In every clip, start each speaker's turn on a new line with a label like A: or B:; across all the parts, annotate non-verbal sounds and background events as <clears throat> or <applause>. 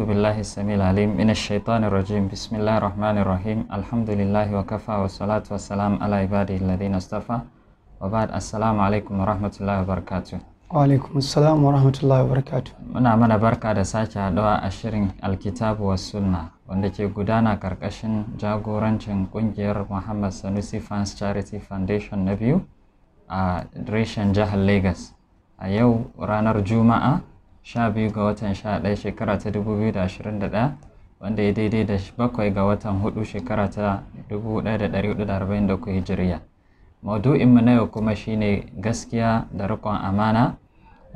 A: أعوذ بالله السميع العليم من الشيطان الرجيم بسم الله الرحمن الرحيم الحمد لله وكفى والصلاة والسلام على عباده الذين اصطفى وبعد السلام عليكم ورحمة الله وبركاته
B: وعليكم السلام ورحمة الله وبركاته
A: muna mana barka da sake haɗuwa a shirin alkitabu wa sunna wanda ke gudana karkashin jagorancin ƙungiyar Muhammad Sanusi Fans Charity Foundation na biyu a reshen jihar Legas, a yau ranar Juma'a 12 ga watan 11 shekara ta 2021 wanda ya daidai da 7 ga watan 4 shekara ta 1443 hijiriya mu na yau kuma shine gaskiya da riƙon amana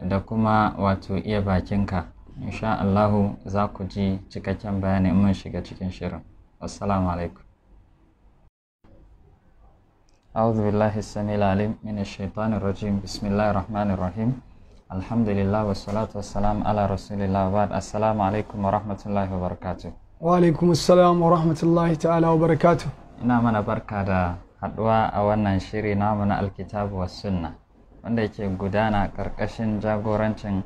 A: da kuma wato iya bakinka insha Allahu za ku ji cikakken bayani mun shiga cikin shirin assalamu alaikum أعوذ بالله السميع العليم من الشيطان الرجيم بسم الله الرحمن الرحيم alhamdulillah wassalatu wassalam ala rasulillah wa assalamu alaikum wa rahmatullahi wa barakatuh
B: wa alaikum assalam wa rahmatullahi ta'ala wa barakatuh ina mana
A: barka da haduwa a wannan shiri na mana alkitabu wa sunna wanda yake gudana karkashin jagorancin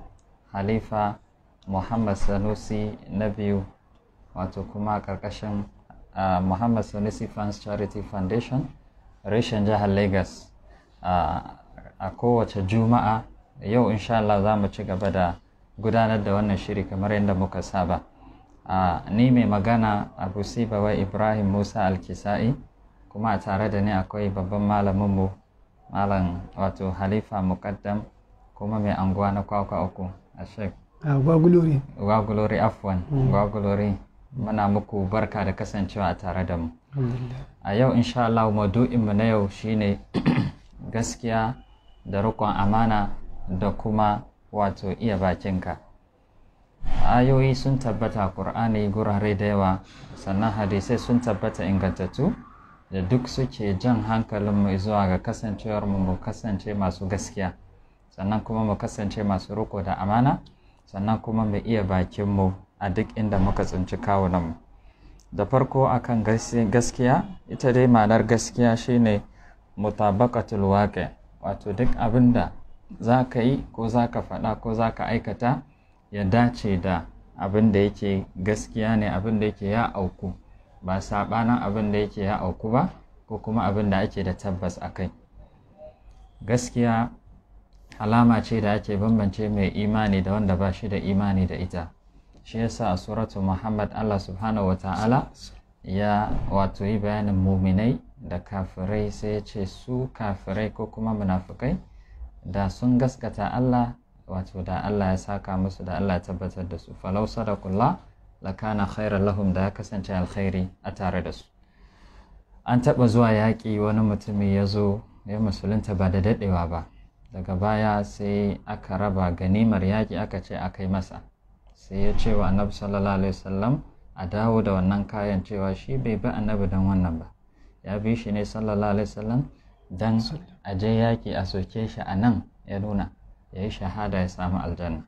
A: halifa muhammad sanusi na biyu wato kuma karkashin uh, muhammad sanusi fans charity foundation reshen jihar lagos uh, a kowace juma'a yau insha Allah za mu ci gaba da gudanar da wannan shiri kamar yadda muka saba a ni mai magana abu sibawa ibrahim musa alkisa'i kuma a tare da ni akwai babban malaminmu malam wato halifa muqaddam kuma mai anguwa na kwakwa uku a shek
B: gwagulori
A: gwagulori afwan hmm. gwagulori muna muku barka da kasancewa a tare da mu a yau insha Allah mu na yau shine <clears throat> gaskiya da rukun amana da kuma wato iya bakinka ayoyi sun tabbata ƙur'ani gurare da yawa sannan hadisai sun tabbata ingantattu da duk suke jan hankalinmu zuwa ga kasancewarmu mu kasance masu gaskiya sannan kuma mu kasance masu roko da amana sannan kuma mu iya bakinmu a duk inda muka tsinci kawunanmu da farko akan gaskiya ita dai ma'anar gaskiya shine mutabakatul waƙe wato duk abinda za ka yi ko za ka faɗa ko za ka aikata ya dace da abin da yake gaskiya ne abin da yake ya auku ba saɓanin abin da yake ya auku ba ko kuma abin da ake da tabbas a kai gaskiya alama ce da ake bambance mai imani da wanda ba shi da imani da ita shi yasa a suratu muhammad allah subhanahu wa ta'ala ya wato yi bayanin muminai da kafirai sai ya ce su kafirai ko kuma munafukai da sun gaskata Allah wato da Allah ya saka musu da Allah ya tabbatar da su falau sadakullah lakana khairan lahum da ya kasance alkhairi a tare da su an taɓa zuwa yaƙi wani mutumi ya zo ya musulunta ba da daɗewa ba daga baya sai aka raba ganimar yaƙi aka ce aka yi masa sai ya ce wa annabi sallallahu alaihi wasallam a dawo da wannan kayan cewa shi bai bi annabi don wannan ba ya bi shi ne sallallahu alaihi wasallam dan a je yaki a soke shi a nan ya nuna ya yi shahada ya samu aljanna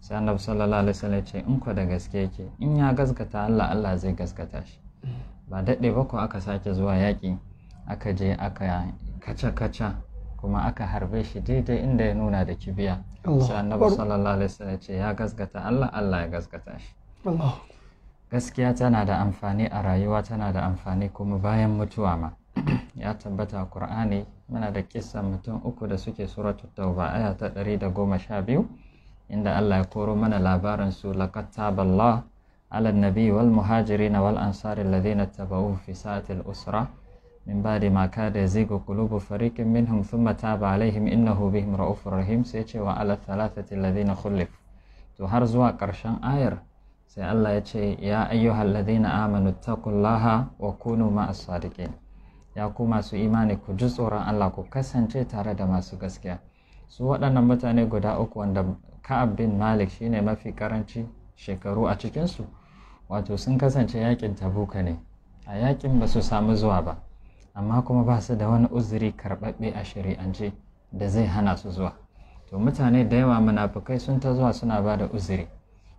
A: sai annabi sallallahu alaihi wasallam ce in ko da gaske yake in ya gaskata Allah Allah zai gaskata shi ba daɗe ba ko aka sake zuwa yaƙi aka je aka kaca kaca kuma aka harbe shi daidai inda ya nuna da kibiya sai annabi sallallahu alaihi wasallam ce ya gaskata Allah Allah ya gaskata shi gaskiya tana da amfani a rayuwa tana da amfani kuma bayan mutuwa ma ya tabbata a Qur'ani muna da ƙisa mutum uku da suke suratu tauba aya ta ɗari da goma sha biyu inda Allah ya koro mana labarin su laqad nabi'u ala nabi wal muhajirin wal ansar alladhina taba'u fi sa'atil usra min ba'di ma kada yazigu qulubu fariqin minhum thumma taba alaihim innahu bihim ra'ufur rahim sai ce wa ala thalathati alladhina kullif, to har zuwa ƙarshen ayar sai Allah ya ce ya ayyuhal ladhina amanu taqullaha wa kunu ma'as sadiqin ya ku masu imani ku ji tsoron Allah ku kasance tare da masu gaskiya su waɗannan mutane guda uku wanda Ka'ab bin Malik shine mafi karanci shekaru a cikinsu wato sun kasance yakin tabuka ne a yakin ba su samu zuwa ba amma kuma ba su da wani uzuri karɓaɓɓe a shari'ance da zai hana su zuwa to mutane da yawa munafukai sun ta zuwa suna ba da uzuri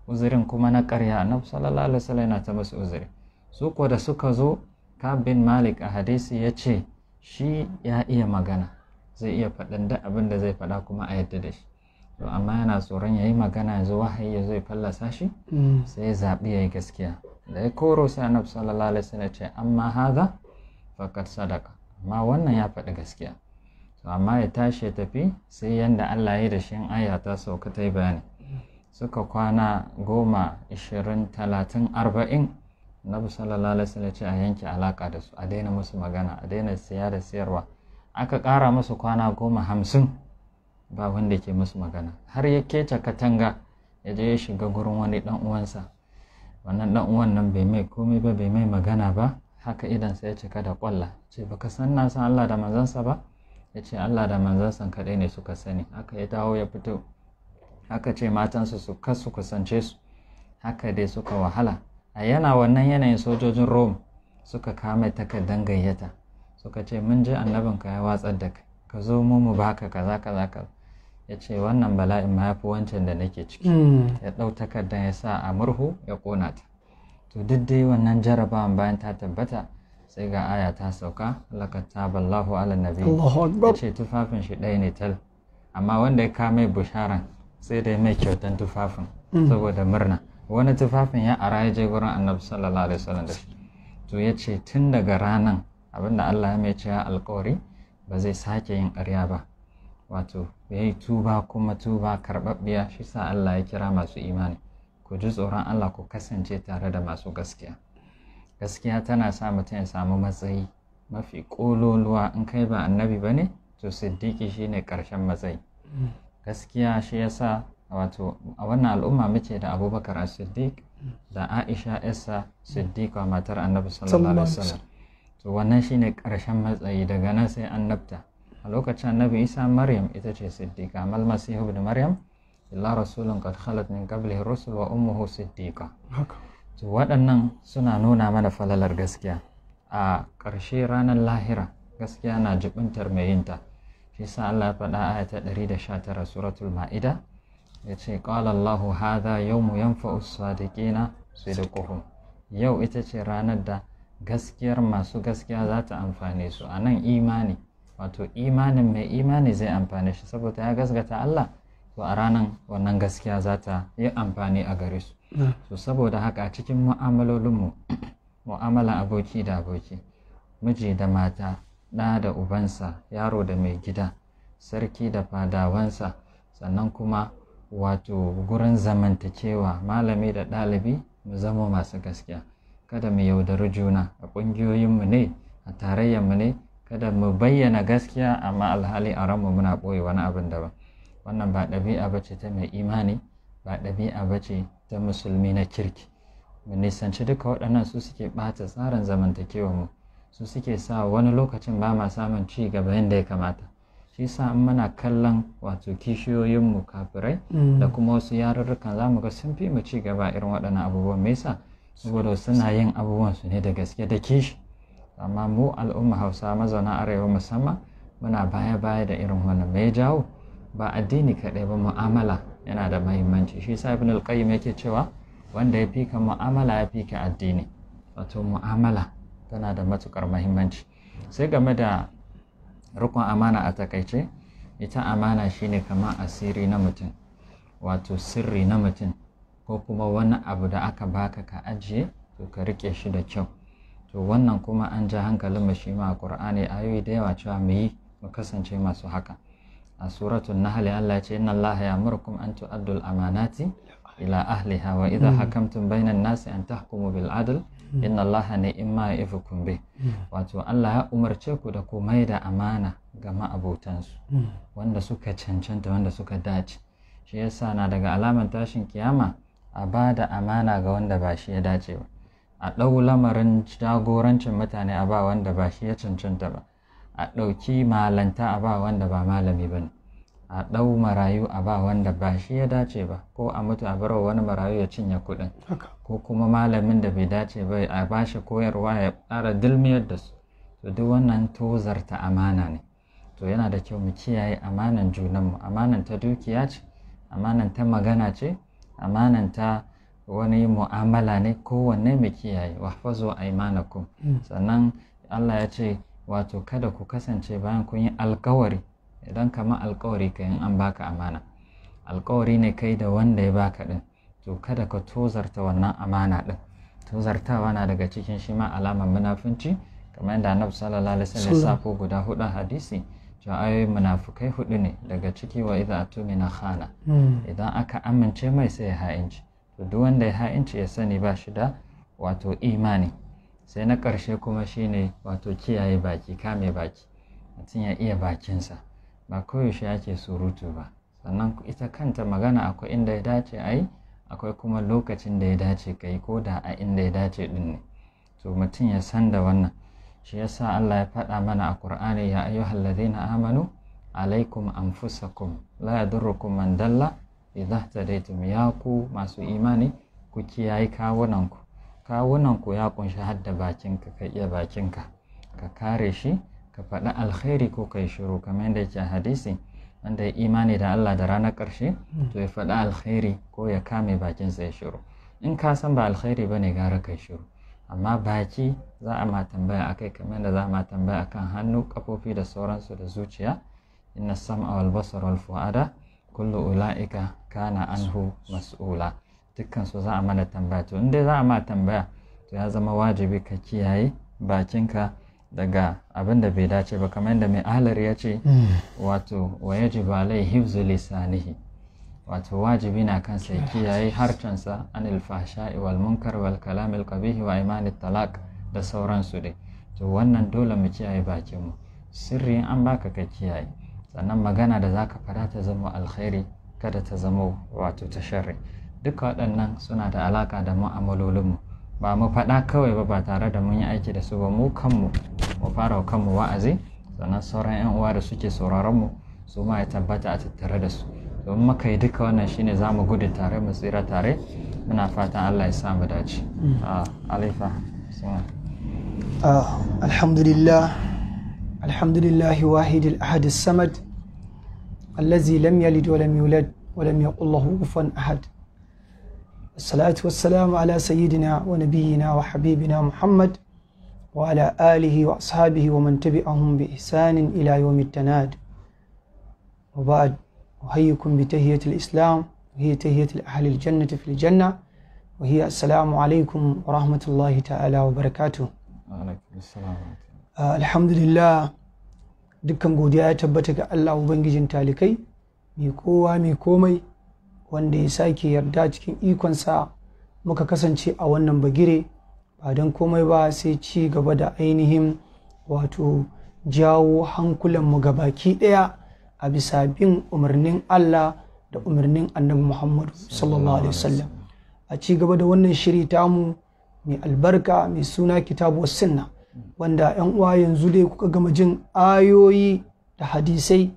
A: uzurin kuma na ƙarya na sallallahu alaihi wasallam yana ta musu uzuri su ko da suka zo Kab bin Malik a hadisi ya ce shi ya iya magana zai iya faɗin da abin da zai faɗa kuma a yadda da shi to amma yana tsoron ya yi magana yanzu wahayi ya zo ya fallasa shi hmm. sai ya zaɓi ya yi gaskiya da ya koro sai annabi sallallahu alaihi wasallam ce amma haza fakat sadaka amma wannan ya faɗi gaskiya to amma ya tashi ya tafi sai yanda Allah ya yi da shi in aya ta sauka ta yi bayani suka kwana goma ishirin talatin arba'in na sallallahu alaihi wasallam ce a yanke alaka da su a daina musu magana a daina siya da siyarwa aka ƙara musu kwana goma hamsin ba wanda ke musu magana har ya kece katanga ya je ya shiga gurin wani dan uwansa wannan dan uwan nan bai mai komai ba bai mai magana ba haka idan sai ya cika da kwalla ce baka san na san Allah da manzansa ba yace Allah da manzansa kadai ne suka sani haka ya dawo ya fito haka ce matansu su kasu kusance su haka dai suka wahala a yana wannan yanayin sojojin rome suka kame takardan gayyata suka ce mun ji annabinka ya watsar da kai ka zo mu mu baka kaza kaza kaza ya ce wannan bala'in ma ya wancan da nake ciki hmm. ya ɗau takardar ya sa a murhu ya kona ta to duk dai wannan jarabawan bayan ta tabbata sai ga aya ta sauka laqad Allahu ala nabi ya ce tufafin shi ɗaya ne tal amma wanda ya kame bisharan sai dai mai kyautan tufafin hmm. saboda murna wani tufafin ya ara ya je gurin annabi sallallahu alaihi wasallam da shi to ya ce tun daga ranan abinda Allah ya mai cewa alkawari ba zai sake yin ƙarya ba wato ya tuba kuma tuba karɓaɓɓiya shi sa Allah ya kira masu imani ku ji tsoron Allah ku kasance tare da masu gaskiya gaskiya tana sa mutum ya samu matsayi mafi ƙololuwa in kai ba annabi ba ne to siddiƙi shine ƙarshen matsayi mm. gaskiya shi yasa wato a wannan al'umma muke da abubakar a siddiq da aisha isa siddiqa matar annabi sallallahu alaihi wasallam to wannan shine karshen matsayi daga nan sai annabta a lokacin annabi isa maryam ita ce siddiqa mal masihu ibn maryam illa rasulun qad khalat min qablihi rusul wa ummuhu siddiqa to waɗannan suna nuna mana falalar gaskiya a ƙarshe ranar lahira gaskiya na jibintar mai yinta shi sa Allah ya faɗa aya ta 119 suratul ma'ida ya ce ƙalallahu haɗa yau mu yanfa da ƙuhu yau ita ce ranar da gaskiyar masu gaskiya za ta amfane su a nan imani wato imanin mai imani zai amfane shi saboda ya gasgata Allah to a ranar wannan gaskiya za ta yi amfani a gare su so saboda haka a cikin mu'amalolinmu <clears throat> mu'amalan aboki da aboki miji da mata ɗa da ubansa yaro da mai gida sarki da fadawansa sannan kuma wato gurin zamantakewa malami da ɗalibi mu zama masu gaskiya kada mu yaudari juna a ƙungiyoyinmu ne a tarayyarmu ne kada mu bayyana gaskiya amma alhali a ranmu muna ɓoye wani abin da ba wannan ba ɗabi'a ba ce ta mai imani ba ɗabi'a ba ce ta musulmi na kirki mu nisanci duka waɗannan su suke ɓata tsarin zamantakewa mu su suke sa wani lokacin ba ma samun ci gaba yadda ya kamata shi sa muna kallon wato kishiyoyinmu kafirai mm. da kuma wasu yarurrukan za mu ga sun fi mu ci gaba irin waɗannan abubuwan me yasa saboda suna yin abubuwan su ne da gaske da kishi amma mu al'umma hausa mazauna arewa musamman muna baya baya da irin wannan me jawo ba addini kaɗai ba mu'amala yana da mahimmanci shi sa ibn al-qayyim yake cewa wanda ya fika mu'amala ya fika addini wato mu'amala tana da matukar mahimmanci sai game da rukun amana a takaice ita amana shine kamar asiri na mutum wato sirri na mutum ko kuma wani abu da aka baka ka ajiye to ka rike shi da kyau to wannan kuma an ja hankalin mu shi ma a Qur'ani ayoyi da yawa cewa mu yi mu kasance masu haka a suratul nahl Allah ya ce inna Allah ya'murukum an tu'addul amanati ila ahliha wa idha hmm. hakamtum bainan nasi an tahkumu bil adl inna in ma ifa kumbe. wato Allah ya umarce ku da ku mai da amana ga ma'abotansu hmm. wanda suka cancanta wanda suka dace shi yasa na daga alamar tashin kiyama a ba da amana ga wanda ba shi ya dace ba a ɗau lamarin jagorancin mutane a ba wanda ba shi ya cancanta ba a ɗauki malanta a ba wanda ba malami ba ne a ɗau marayu a ba wanda ba shi ya dace ba ko a mutu a barwa wani marayu ya cinye kuɗin ko kuma malamin da bai dace ba a ba shi koyarwa ya ƙara dilmiyar da su to duk wannan tozarta amana ne to yana da kyau mu kiyaye amanan junanmu amanan ta dukiya ce amanan ta magana ce amanan ta wani mu'amala ne kowanne mu kiyaye wahfazu aimanakum mm. sannan Allah ya ce wato kada ku kasance bayan kun yi alkawari idan kama alkawari ka in an baka amana alkawari ne kai da wanda ya baka din to kada ka tozarta wannan amana din tozartawa na daga cikin shi ma alamar munafunci kamar yadda annabi sallallahu alaihi wasallam safo guda hudu hadisi to ayoyin munafukai hudu ne daga ciki wa idza atumina khana hmm. idan aka amince mai sai ya ha'inci to duk wanda ya ha'inci ya sani ba shi da wato imani sai na ƙarshe kuma shine wato kiyaye baki kame baki mutum ya iya bakinsa ba koyaushe ake surutu ba sannan ita kanta magana akwai inda ya dace a yi akwai kuma lokacin da ya dace ka yi ko da a inda ya dace din ne to mutum ya san da wannan shi yasa Allah ya faɗa mana a Qur'ani ya ayyuhal na amanu alaikum anfusakum la yadurrukum man dalla idza tadaytum ya ku masu imani ku kiyaye kawunanku kawunanku ya kunshi hadda bakinka ka iya bakinka ka kare shi ka faɗi alkhairi ko kai shiru kamar yadda yake a hadisi wanda ya imani da Allah da ranar ƙarshe to ya faɗi alkhairi ko ya kame bakinsa ya shiru in ka san ba alkhairi bane gara kai shiru amma baki za a ma tambaya akai kamar yadda za a ma tambaya akan hannu kafofi da sauransu da zuciya inna sam'a wal basar wal fu'ada kullu ula'ika kana anhu mas'ula dukkan su za a mana tambaya to in dai za a ma tambaya to ya zama wajibi ka kiyaye bakinka daga abin da bai dace ba kamar yadda mai ahalar ya ce hmm. wato wa yajibu alai hifzu lisanihi wato wajibi na kan sai kiyaye harcensa anil ilfasha iwal munkar wal kalamil qabihi wa imanit talak da sauransu dai to wannan dole mu kiyaye bakinmu sirri an baka ka kiyaye sannan magana da za ka fara ta zama alkhairi kada ta zama wato ta sharri duka waɗannan suna da alaka da mu'amalolinmu ba mu faɗa kawai ba ba tare da mun yi aiki da su ba mu kanmu mu fara wa kanmu wa'azi sannan sauran 'yan uwa da suke sauraron mu su ma ya tabbata a tattare da su domin muka yi duka wannan shine za mu gudu tare mu tsira tare muna fatan Allah ya sa mu dace mm. ah, alaifa
B: ah, alhamdulillah alhamdulillah wahid al-ahad samad الذي لم يلد ولم يولد ولم يقل له كفوا احد الصلاه والسلام على سيدنا ونبينا وحبيبنا محمد وعلى آله وأصحابه ومن تبعهم بإحسان إلى يوم التناد وبعد أحييكم بتهية الإسلام وهي تهية أهل الجنة في الجنة وهي السلام عليكم ورحمة الله تعالى وبركاته
A: عليكم السلام
B: آه الحمد لله dukkan godiya ya tabbata ga Allah Ubangijin talikai mai kowa mai komai wanda ya sake yarda cikin ikonsa muka kasance a wannan bagire ba don komai ba sai ci gaba da ainihin wato jawo hankulanmu ga baki ɗaya a bisa bin umarnin Allah da umarnin annabi Muhammadu sallallahu alaihi wasallam a ci gaba da wannan shiri tamu mai albarka mai suna kitabu sunna wanda yan uwa yanzu dai kuka gama jin ayoyi da hadisai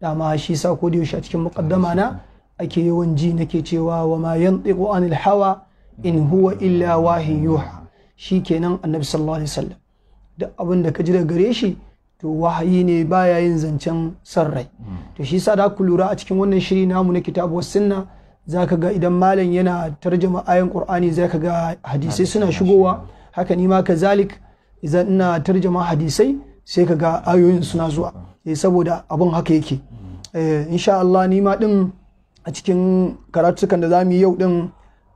B: dama shi sa ko da yaushe a cikin mukaddama na ake yawan ji nake cewa wa ma yantiqu anil hawa in huwa illa yuha shi kenan annabi sallallahu alaihi wasallam duk abin da ka ji daga gare shi to wahayi ne baya yin zancen san rai hmm. to shi sa da ku lura a cikin wannan shiri namu na kitabu was sunna zaka ga idan malam yana tarjama ayan qur'ani zaka ga hadisai suna shigowa haka nima kazalik idan ina tarjama hadisai sai ka ga ayoyin suna zuwa hmm. eh, saboda abun haka yake hmm. eh, insha Allah ni din a cikin karatukan da za yi yau din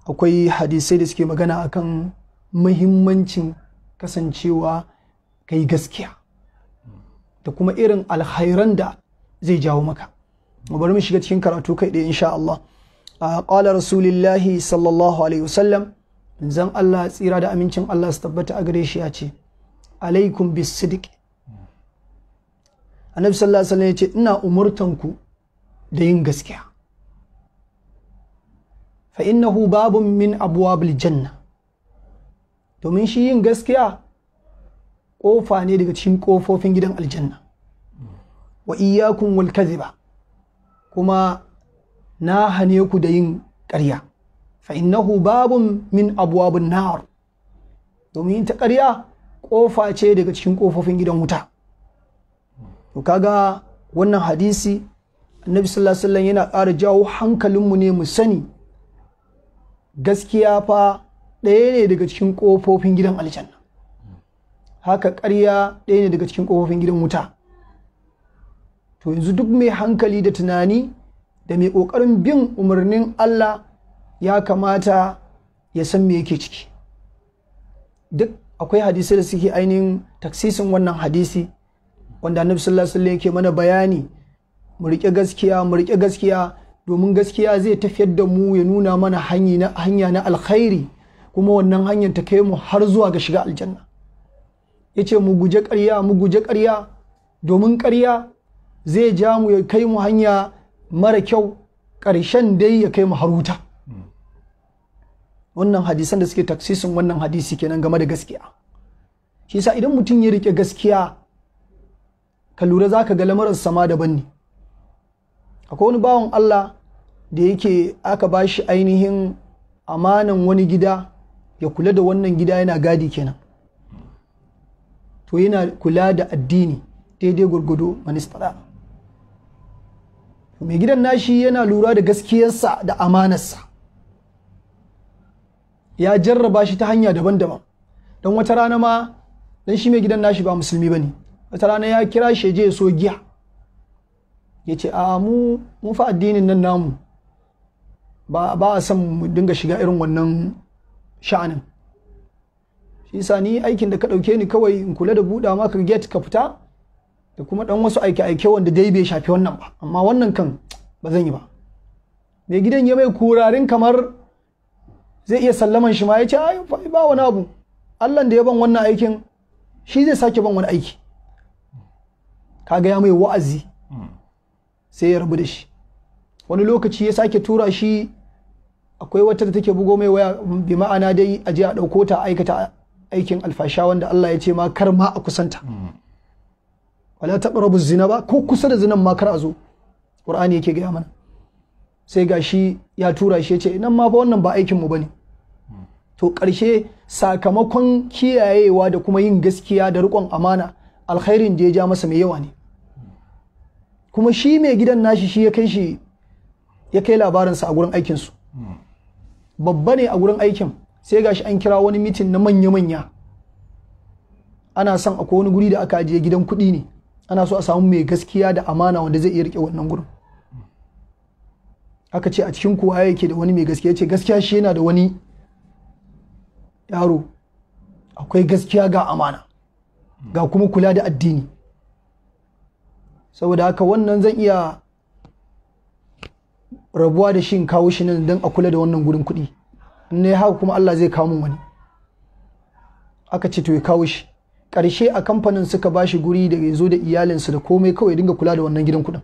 B: akwai hadisai da suke magana akan mahimmancin kasancewa ka yi gaskiya da kuma irin alhairan da zai jawo maka mu bari mu shiga cikin karatu kai ɗaya insha Allah qala rasulillahi sallallahu alaihi wasallam zan Allah tsira da amincin Allah su tabbata a gare shi ya ce alaikum bis sidq annabi sallallahu alaihi wasallam ya ce ina umurtanku da yin gaskiya fa innahu babun min abwabil janna domin shi yin gaskiya kofa ne daga cikin ƙofofin gidan aljanna wa iyakun wal kaziba kuma na hane ku da yin ƙarya fa innahu babun min abwabun nar domin ta ƙarya kofa ce daga cikin ƙofofin gidan wuta to kaga wannan hadisi annabi sallallahu alaihi wasallam yana ƙara jawo hankalinmu ne mu sani gaskiya fa ɗaya ne daga cikin ƙofofin gidan aljanna haka ƙarya ɗaya ne daga cikin ƙofofin gidan wuta to yanzu duk mai hankali da tunani da mai ƙoƙarin bin umarnin Allah ya kamata ya san me yake ciki duk akwai hadisai da suke ainihin taksisin wannan hadisi wanda na sallallahu alaihi yake mana bayani mu riƙe gaskiya mu riƙe gaskiya domin gaskiya zai tafiyar da mu ya nuna mana hanya na alkhairi kuma wannan hanyar ta kai mu har zuwa ga shiga aljanna ya ce mu guje karya mu guje karya domin ƙarya zai ja mu ya kai mu hanya mara kyau ƙarshen dai ya kai mu har wuta wannan hadisan da suke taksisin wannan hadisi kenan game da gaskiya shi yasa idan mutum ya rike gaskiya ka lura za ka ga lamarin sama daban ne akwai wani bawan Allah da yake aka ba shi ainihin amanan wani gida ya kula da wannan gida yana gadi kenan to yana kula da addini daidai gwargwado manistara mai gidan nashi yana lura da gaskiyarsa da amanarsa ya jarraba shi ta hanya daban-daban don wata rana ma don shi mai gidan nashi ba musulmi ba ne wata rana ya kira shi je so giya ya ce a mu fa addinin nan namu ba a san mu dinga shiga irin wannan sha'anin shi yasa ni aikin da ka ɗauke ni kawai in kula da buɗa maka get ka fita da kuma ɗan wasu aike-aike wanda dai bai shafi wannan ba amma wannan kan ba zan yi ba mai gidan ya mai kurarin kamar zai iya sallaman shi ma ya ce ai ba wani abu Allah da ya ban wannan aikin shi zai sake ban wani aiki kaga ya mai wa'azi hmm. sai ya rabu da shi wani lokaci ya sake tura shi akwai wata da take bugo mai waya bi ma'ana dai a je a ɗauko ta aikata aikin alfasha wanda Allah ya ce ma kar ma a kusanta wala taɓa rabu zina ba ko kusa da zinan ma kar a zo ƙur'ani yake gaya mana sai ga shi ya tura shi ya ce nan ma fa wannan ba aikin mu bane to karshe sakamakon kiyayewa da kuma yin gaskiya da riƙon amana alkhairin da ya ja masa mai yawa ne kuma shi mai gidan nashi shi ya kai shi ya kai labarinsa a gurin aikinsu babba ne a gurin aikin sai gashi an kira wani mitin na manya-manya ana son akwai wani guri da aka ajiye gidan kuɗi ne ana so a samu mai gaskiya da amana wanda zai iya rike wannan gurin aka ce a cikin kuwa yake da wani mai gaskiya ce gaskiya shi yana da wani yaro akwai gaskiya ga amana ga kuma kula da addini saboda haka wannan zan iya rabuwa da shi in kawo shi nan don a kula da wannan gurin kuɗi ne haka kuma Allah zai kawo min wani aka ce to ya kawo shi ƙarshe a kamfanin suka ba shi guri da ya zo da iyalinsa da komai kawai dinga kula da wannan gidan kuɗin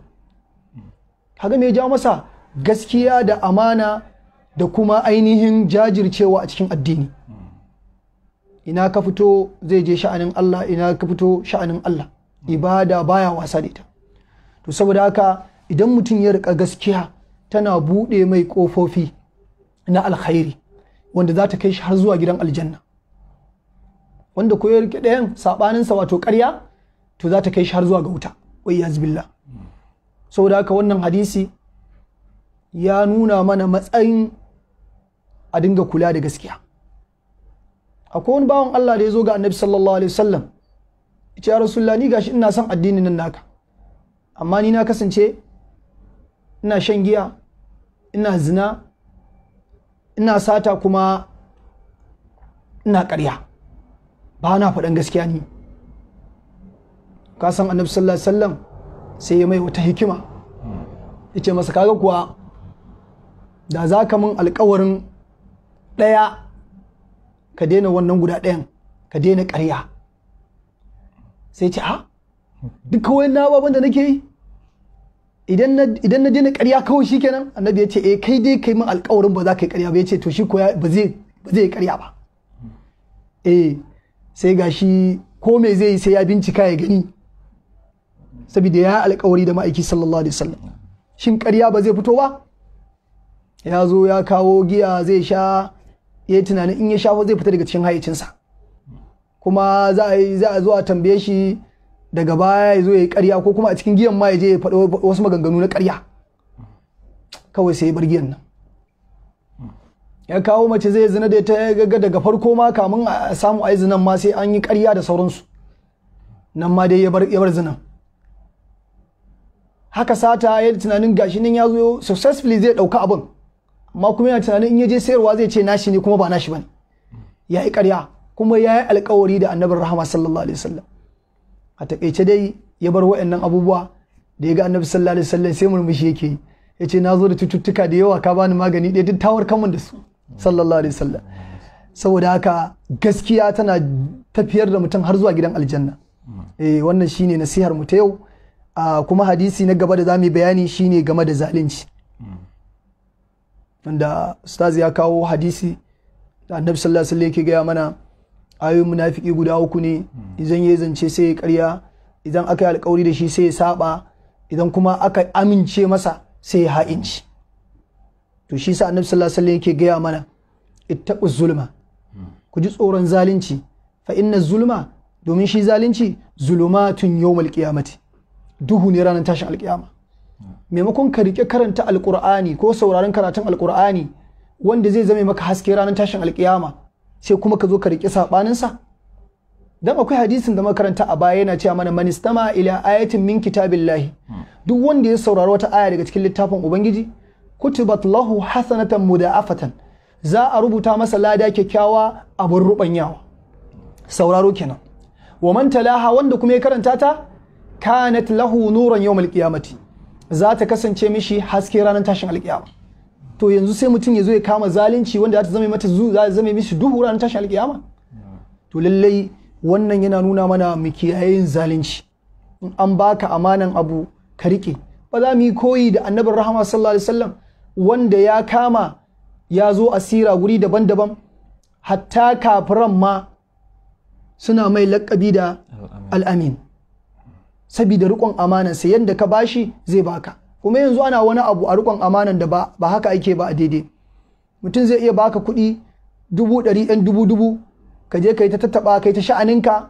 B: haka me ya jawo masa gaskiya da amana da kuma ainihin jajircewa a cikin addini ina ka fito zai je sha'anin Allah ina ka fito sha'anin Allah ibada baya wasa da ita to saboda haka idan mutum ya rika gaskiya tana buɗe mai ƙofofi na alkhairi wanda za ta kai shi har zuwa gidan aljanna wanda ko yarki ɗayan saɓaninsa wato ƙarya to za ta kai shi har zuwa ga wuta wai ya zubilla saboda haka wannan hadisi ya nuna mana matsayin a dinga kula da gaskiya akwai wani bawan Allah da ya zo ga annabi sallallahu alaihi wasallam ce ya rasulullah ni gashi ina son addinin nan naka amma ni na kasance ina shan giya ina zina ina sata kuma ina karya ba na faɗin gaskiya ne kasan annabi sallallahu alaihi wasallam sai ya mai wata hikima yace masa kaga kuwa da za ka min alkawarin ɗaya ka daina wannan guda ɗayan ka daina ƙarya sai ce a duk kawai na baban da nake yi idan na daina ƙarya kawai shi kenan annabi ya ce eh kai dai kai min alƙawarin ba za ka yi ƙarya ba ya ce to shi koya ba zai yi ƙarya ba eh sai ga shi ko me zai yi sai ya bincika ya gani saboda ya alƙawari da ma'aiki sallallahu alaihi wasallam shin karya ba zai fito ba ya zo ya kawo giya zai sha ya tunanin in ya sha zai fita daga cikin hayyacinsa kuma za a zo a tambaye shi daga baya ya zo ya yi karya ko kuma a cikin giyan ma ya je ya faɗa wasu maganganu na karya. kawai sai ya bar giyan nan ya kawo mace zai zina da ta gaga daga farko ma kamun a samu ai zinan ma sai an yi ƙarya da sauransu nan ma dai ya bar zinan haka sata ya yi tunanin gashi nan ya zo successfully zai ɗauka abin amma kuma yana tunanin in ya je sayarwa zai ce nashi ne kuma ba nashi bane ya yi karya kuma ya yi alkawari da annabin rahama sallallahu alaihi wasallam a takaice dai ya bar wa'annan abubuwa da ya ga annabi sallallahu alaihi wasallam sai murmushi yake yi ya ce na zo da cututtuka da yawa ka bani magani ɗaya duk tawar kamun da su sallallahu alaihi wasallam saboda haka gaskiya tana tafiyar da mutum har zuwa gidan aljanna eh wannan shine nasihar mu ta yau kuma hadisi na gaba da zamu bayani shine game da zalunci wanda ustazi ya kawo hadisi da annabi sallallahu alaihi wasallam yake gaya mana ayoyin munafiki guda uku ne idan ya zance sai ya karya idan aka yi alkawari da shi sai ya saba idan kuma aka amince masa sai ya ha'inci to shi sa annabi sallallahu alaihi wasallam yake gaya mana ittaqu zulma ku ji tsoron zalunci fa inna zulma domin shi zalunci zulumatun yawmal qiyamati duhu ne ranar tashin alkiyama maimakon ka rike karanta alkur'ani ko sauraron karatun alkur'ani wanda zai zame maka haske ranar tashin alkiyama sai kuma ka zo ka riƙi saɓaninsa dan akwai hadisin da makaranta a baya yana cewa mana manistama ila ayatin min kitabillahi duk wanda ya saurari wata aya daga cikin littafin ubangiji kutubat lahu hasanatan mudafatan za a rubuta masa lada kyakkyawa a ruban rubanyawa sauraro kenan wa man talaha wanda kuma ya karanta ta kanat lahu nuran yawmal qiyamati za ta kasance mishi haske ranar tashin alkiyama to yanzu sai mutum ya zo ya kama zalunci wanda za ta zama mata za zama mishi duhu ranar tashin alkiyama to lallai wannan yana nuna mana mu kiyayen zalunci in an baka amanan abu ka rike ba za mu yi koyi da annabin rahama sallallahu alaihi wasallam wanda ya kama ya zo asira guri daban-daban hatta kafiran ma suna mai lakabi da al'amin sabida riƙon amanansa yadda ka bashi zai baka kuma yanzu ana wani abu a rikon amanan da ba haka ake ba a daidai mutum zai iya baka kuɗi dubu ɗari ɗan dubu dubu ka je ka yi ta tattaɓa ka yi ta sha'aninka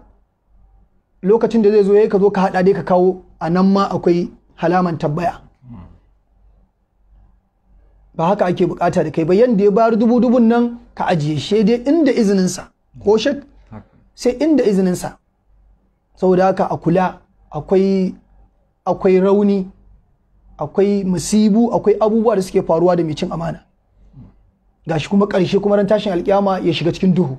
B: lokacin da zai zo ya ka zo ka haɗa dai ka kawo a nan ma akwai halaman tabbaya ba haka ake bukata da kai ba yanda ya bari dubu dubun nan ka ajiye shi dai inda izininsa ko shek sai inda izininsa saboda haka a kula akwai rauni akwai musibu akwai abubuwa da suke faruwa da mai cin amana gashi kuma ƙarshe kuma ran tashin alkiyama ya shiga cikin duhu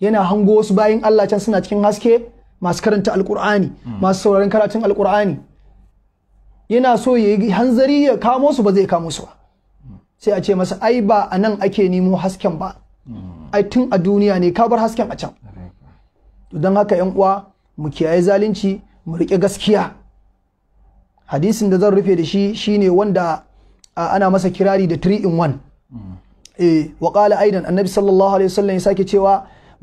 B: yana hango wasu bayan Allah can suna cikin haske masu karanta alkur'ani hmm. masu sauraron karatun alkur'ani yana so ya yi hanzari ya kamo su ba zai kamo su ba sai a ce masa ai ba a nan ake nemo hasken ba hmm. ai tun a duniya ne ka bar hasken a can don haka yan uwa mu kiyaye zalunci mu rike gaskiya hadisin da zan rufe da shi shine wanda ana masa kirari da 3 in 1 hmm. eh wa qala aidan annabi sallallahu alaihi wasallam ya sake cewa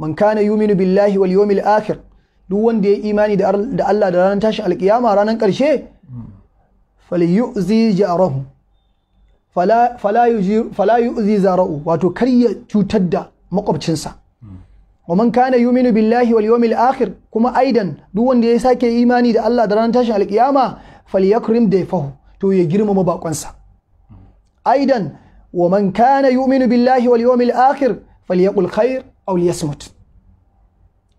B: man kana yuminu billahi wal yawmil akhir duk wanda ya imani da Allah da ranar tashin alkiyama ranar karshe hmm. falyu'zi jarahu fala fala yuzi fala yuzi zara'u wato kar ya cutar da makwabcinsa hmm. wa man kana yuminu billahi wal yawmil akhir kuma aidan duk wanda ya sake imani da Allah da ranar tashin alkiyama falyakrim fahu, to ya girmama bakonsa aidan wa man kana yu'minu billahi wal yawmil akhir falyaqul khair aw liyasmut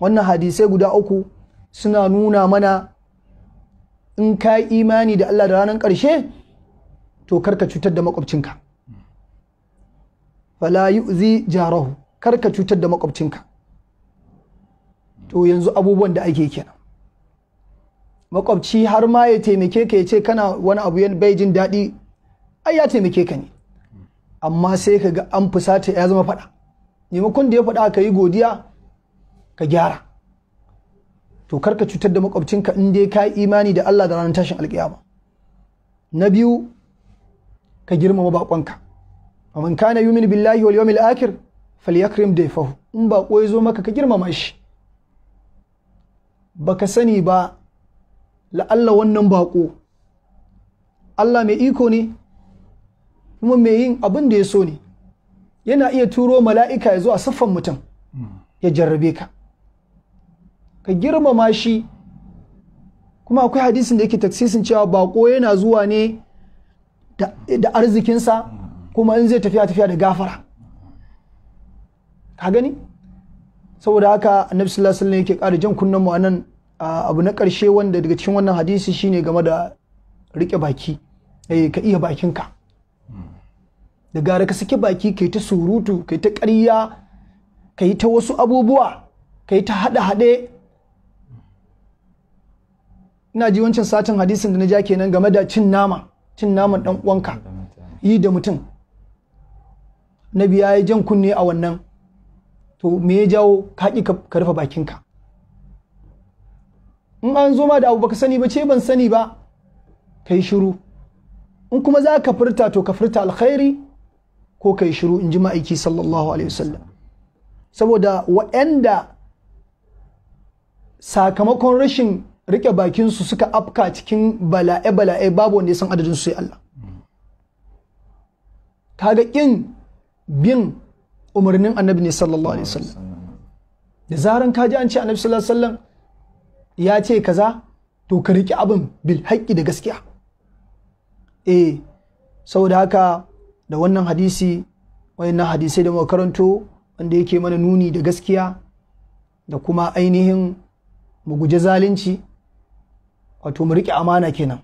B: wannan hadisai guda uku suna nuna mana in ka imani da Allah da ranar ƙarshe to karka cutar da makwabcinka fala yu'zi jarahu karka cutar da makwabcinka to yanzu abubuwan da ake kenan makwabci har ma ya taimake ka ya ce kana wani abu yan bai jin daɗi ai ya taimake ka ne amma sai ka ga an fusata ya zama faɗa maimakon da ya faɗa ka yi godiya ka gyara to karka cutar da makwabcinka in dai ka yi imani da Allah da ranar tashin alƙiyama na biyu ka girmama baƙonka faman kana yumin billahi wal yawmil akhir falyakrim fahu in baƙo ya zo maka ka girmama shi baka sani ba la'alla wannan baƙo Allah mai iko ne kuma mai yin abin da ya so ne yana iya turo mala'ika ya zo a siffan mutum ya jarrabe ka ka girmama shi kuma akwai hadisin da yake taksisin cewa baƙo yana zuwa ne da arzikinsa kuma in zai tafiya tafiya da gafara ka gani saboda haka annabi sallallahu alaihi wasallam yake ƙara jan kunnen mu anan abu na ƙarshe wanda daga cikin wannan hadisi shine game da riƙe baki eh, ka iya bakinka da gara ka saki baki kai ta surutu kai ta ƙarya kai ta wasu abubuwa kai ta haɗe-haɗe ina ji wancan satin hadisin da na ja kenan game da cin nama cin naman ɗan uwanka yi da mutum na biya ya jan kunne a wannan to me ya jawo ka ƙi ka rufe bakinka in an zo ma da abu baka sani ba ce ban sani ba kai shiru in kuma za ka furta to ka furta alkhairi ko kai shiru in ji ma'aiki sallallahu alaihi wasallam saboda waɗanda sakamakon rashin rike bakinsu suka afka cikin bala'e-bala'e babu wanda ya san adadin su sai Allah kaga kin bin umarnin annabi ne sallallahu alaihi wasallam da zaran kaji ji an ce annabi sallallahu alaihi wasallam ya ce kaza to ka riƙi abin bil haƙƙi da gaskiya eh saboda haka da wannan hadisi wayannan hadisai da makaranto karanto wanda yake mana nuni da gaskiya da kuma ainihin mu guje zalunci wato mu riƙe amana kenan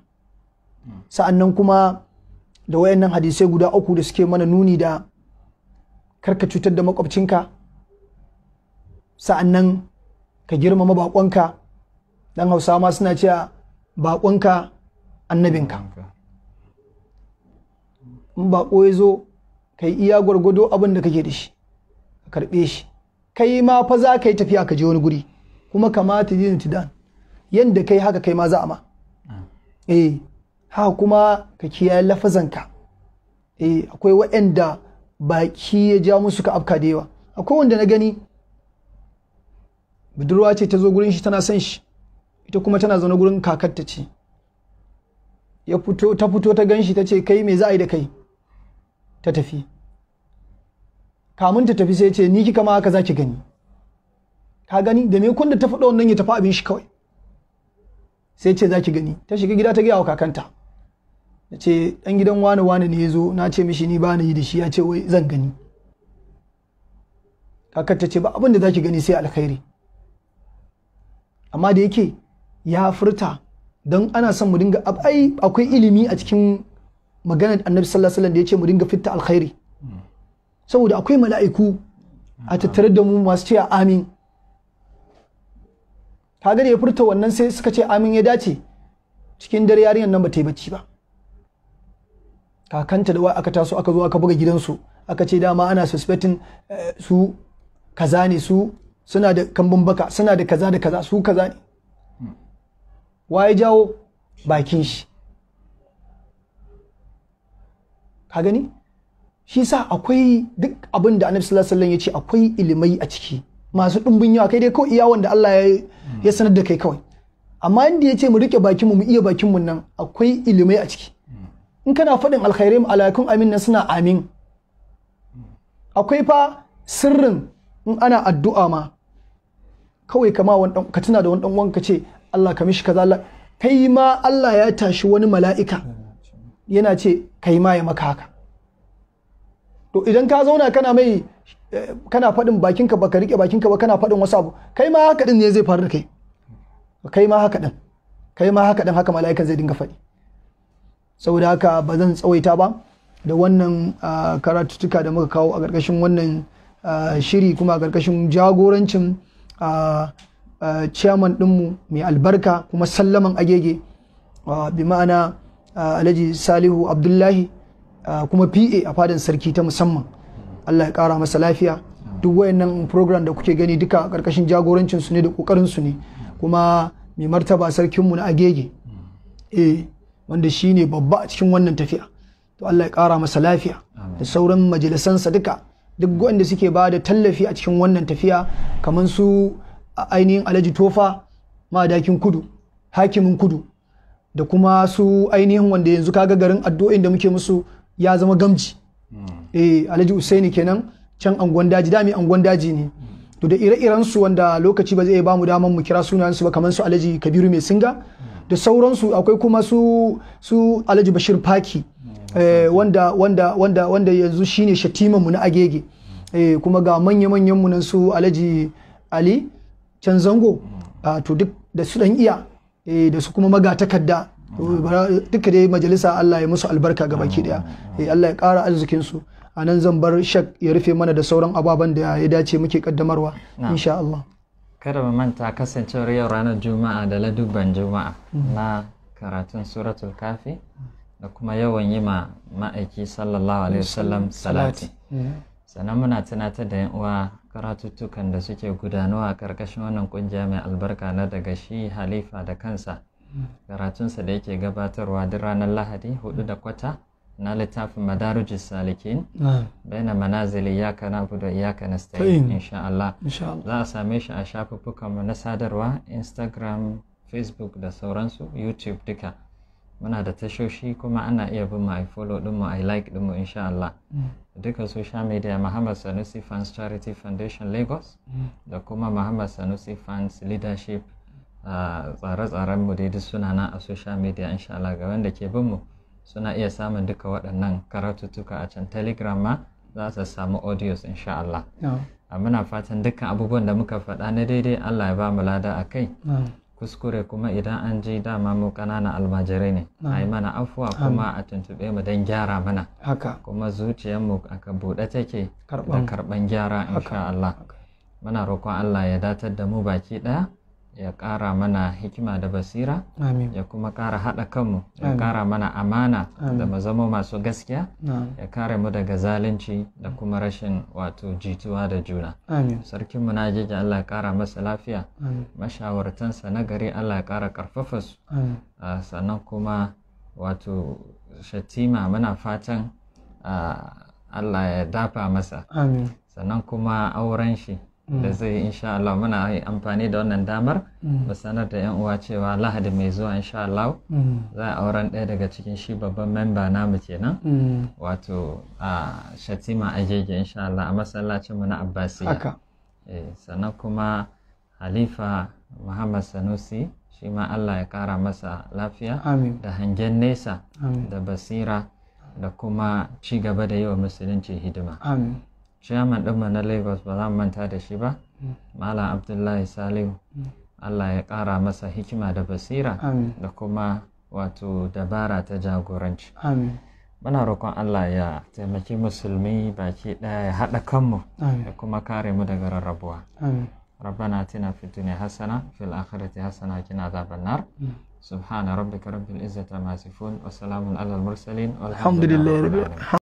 B: sa'an nan kuma da wayannan hadisai guda uku da suke mana nuni da karka cutar da makwabcinka sa'an nan ka girmama baƙonka dan hausa ma suna cewa baƙonka annabinka in baƙo ya zo ka yi iya gwargwado abin da kake da shi ka karɓe shi kai ma fa za ka yi tafiya ka je wani guri kuma kamata yin tidan yadda kai haka kai ma za a ma ah. eh haka kuma ka kiyaye lafazanka eh akwai waɗanda baki ya ja musu ka afka da yawa akwai wanda na gani budurwa ce ta zo gurin shi tana son shi ita kuma tana zaune gurin kakarta ce ya fito ta fito ta ganshi ta ce kai me za a yi da kai ta tafi kamun ta tafi sai ce ni kika ma haka za gani ka gani da me kun da ta faɗa wannan ya tafi abin shi kawai sai ce za gani ta shiga gida ta gaya wa kakanta ta ce dan gidan wani wani ne ya zo na ce mishi ni ba ni da shi ya ce wai zan gani kakar ta ce ba abin da za ki gani sai alkhairi amma da yake ya furta don ana son mu dinga akwai ilimi a cikin maganar annabi sallallahu alaihi da ya ce mu dinga fitta alkhairi saboda akwai mala'iku a tattare da mu masu cewa amin ka da ya furta wannan sai suka ce amin ya dace cikin dare yarinyar nan ba ta yi bacci ba kakanta da aka taso aka zo aka buga gidansu aka ce dama ana eh, su kaza ne su suna da kambun baka suna da kaza da kaza su kaza ne wa ya jawo bakin shi ka gani shi sa akwai duk abin da annabi sallallahu alaihi wasallam ya ce akwai ilimai a ciki masu ɗumbin yawa kai dai ko iya wanda Allah ya sanar da kai kawai amma inda ya ce mu rike bakin mu mu iya bakin mu nan akwai ilimai a ciki in kana faɗin alkhairai mu alaikum amin nan suna amin akwai fa sirrin in ana addu'a ma kawai kama ka tuna da wani ɗan wanka ce Allah ka mishi kaza Allah kai ma Allah ya tashi wani mala'ika yana ce kai ma ya maka haka to idan ka zauna kana mai eh, kana faɗin bakinka baka rike bakinka ba kana faɗin wasu abu kai ma haka din ne zai faru da kai kai ma haka din kai ma haka din haka mala'ika zai dinga faɗi saboda haka ba zan tsawaita ba da wannan ah, karatuttuka da muka kawo a ƙarƙashin wannan ah, shiri kuma a ƙarƙashin jagorancin ah, Eh, ciyaman ɗinmu mai albarka kuma sallaman agege eh, bi ma'ana eh, alhaji salihu abdullahi kuma pa a fadin sarki ta musamman allah ya kara masa lafiya duk wayannan program da kuke gani duka karkashin jagorancin su ne da kokarin su ne kuma mai martaba sarkinmu na agege eh wanda shi ne babba a cikin wannan tafiya to allah ya kara masa lafiya da sauran majalisansa duka duk wanda suke ba da tallafi a cikin wannan tafiya kamar su ainihin alhaji tofa madakin kudu hakimin kudu da kuma su ainihin wanda yanzu kaga garin addu'o'in da muke musu ya zama gamji hmm. eh alhaji usaini kenan can angon daji dami angon daji ne to da ire-iren su wanda lokaci ba zai ba mu daman mu kira su ba kamar su alhaji kabiru mai singa hmm. da sauransu akwai kuma su su alhaji bashir faki hmm. eh, wanda wanda wanda wanda yanzu shine shatiman mu na agege eh kuma ga manya-manyan mu nan su alhaji ali can zango ah, to duk da su dan iya eh, da su kuma magatakarda duka dai majalisa Allah ya musu albarka ga baki daya eh, Allah ya kara arzikin su a nan zan bar shak ya rufe mana da sauran ababen da ya dace muke kaddamarwa insha Allah
A: kada mu manta kasancewar yau ranar juma'a da ladubban juma'a mm-hmm. na karatun suratul kafi da kuma yawan yi ma ma'aiki sallallahu alaihi wasallam salati mm-hmm. sannan muna tunatar da 'yan uwa karatuttukan da suke gudanuwa a ƙarƙashin wannan ƙungiya mai albarka na daga shi halifa da kansa karatunsa da yake gabatarwa duk ranar lahadi hudu da kwata na littafin madarijus salikin baina manazili ya na budo ya na stayin insha Allah za a same shi a shafuffukanmu na sadarwa instagram facebook da sauransu youtube duka muna da tashoshi kuma ana iya bin mu a follow din mu a like din mu insha Allah mm. duka social media Muhammad Sanusi Fans Charity Foundation Lagos mm. da kuma Muhammad Sanusi Fans Leadership tsare-tsaren mu dai duk suna na a social media insha Allah ga wanda ke bin mu suna iya samun duka waɗannan karatutuka a can telegram ma za su samu audios insha Allah muna fatan dukkan abubuwan da muka faɗa na daidai Allah ya ba mu lada a kai kuskure kuma idan an ji dama mu ƙananan almajirai ne a yi mana afuwa kuma a tuntuɓe mu don gyara mana haka kuma zuciyarmu aka buɗe take da karɓan gyara insha Allah muna roƙon Allah ya datar da mu baki ɗaya ya ƙara mana hikima da basira ya kuma ƙara haɗa kanmu ya ƙara mana amana da mu zama masu gaskiya ya kare mu daga zalunci da kuma rashin wato jituwa da juna sarkin mu na jeji Allah ya ƙara masa lafiya mashawartansa na gari Allah ya ƙara ƙarfafa su sannan kuma wato shatima muna fatan Allah ya dafa masa sannan kuma auren shi da mm. zai insha Allah muna amfani da wannan damar mm. mu sanar da yan uwa cewa lahadi mai zuwa insha Allah mm. za a auren ɗaya daga cikin shi babban memba namu kenan wato a shatima agege insha Allah a masallacin mu na Abbasiya eh, sannan kuma Halifa Muhammad Sanusi shi ma Allah ya kara masa lafiya da hangen nesa da basira da kuma ci gaba da yi wa musulunci hidima. Amin. shaman ɗinmu na lagos ba za mu manta da shi ba mm. malam abdullahi salihu mm. allah ya ƙara masa hikima da basira da kuma wato dabara ta jagoranci muna roƙon allah ya taimaki musulmi baki ɗaya ya haɗa kanmu da kuma kare mu daga rarrabuwa ربنا اتنا في الدنيا حسنة في الآخرة حسنة وقنا عذاب النار سبحان ربك رب العزة ما يصفون وسلام على المرسلين والحمد لله رب العالمين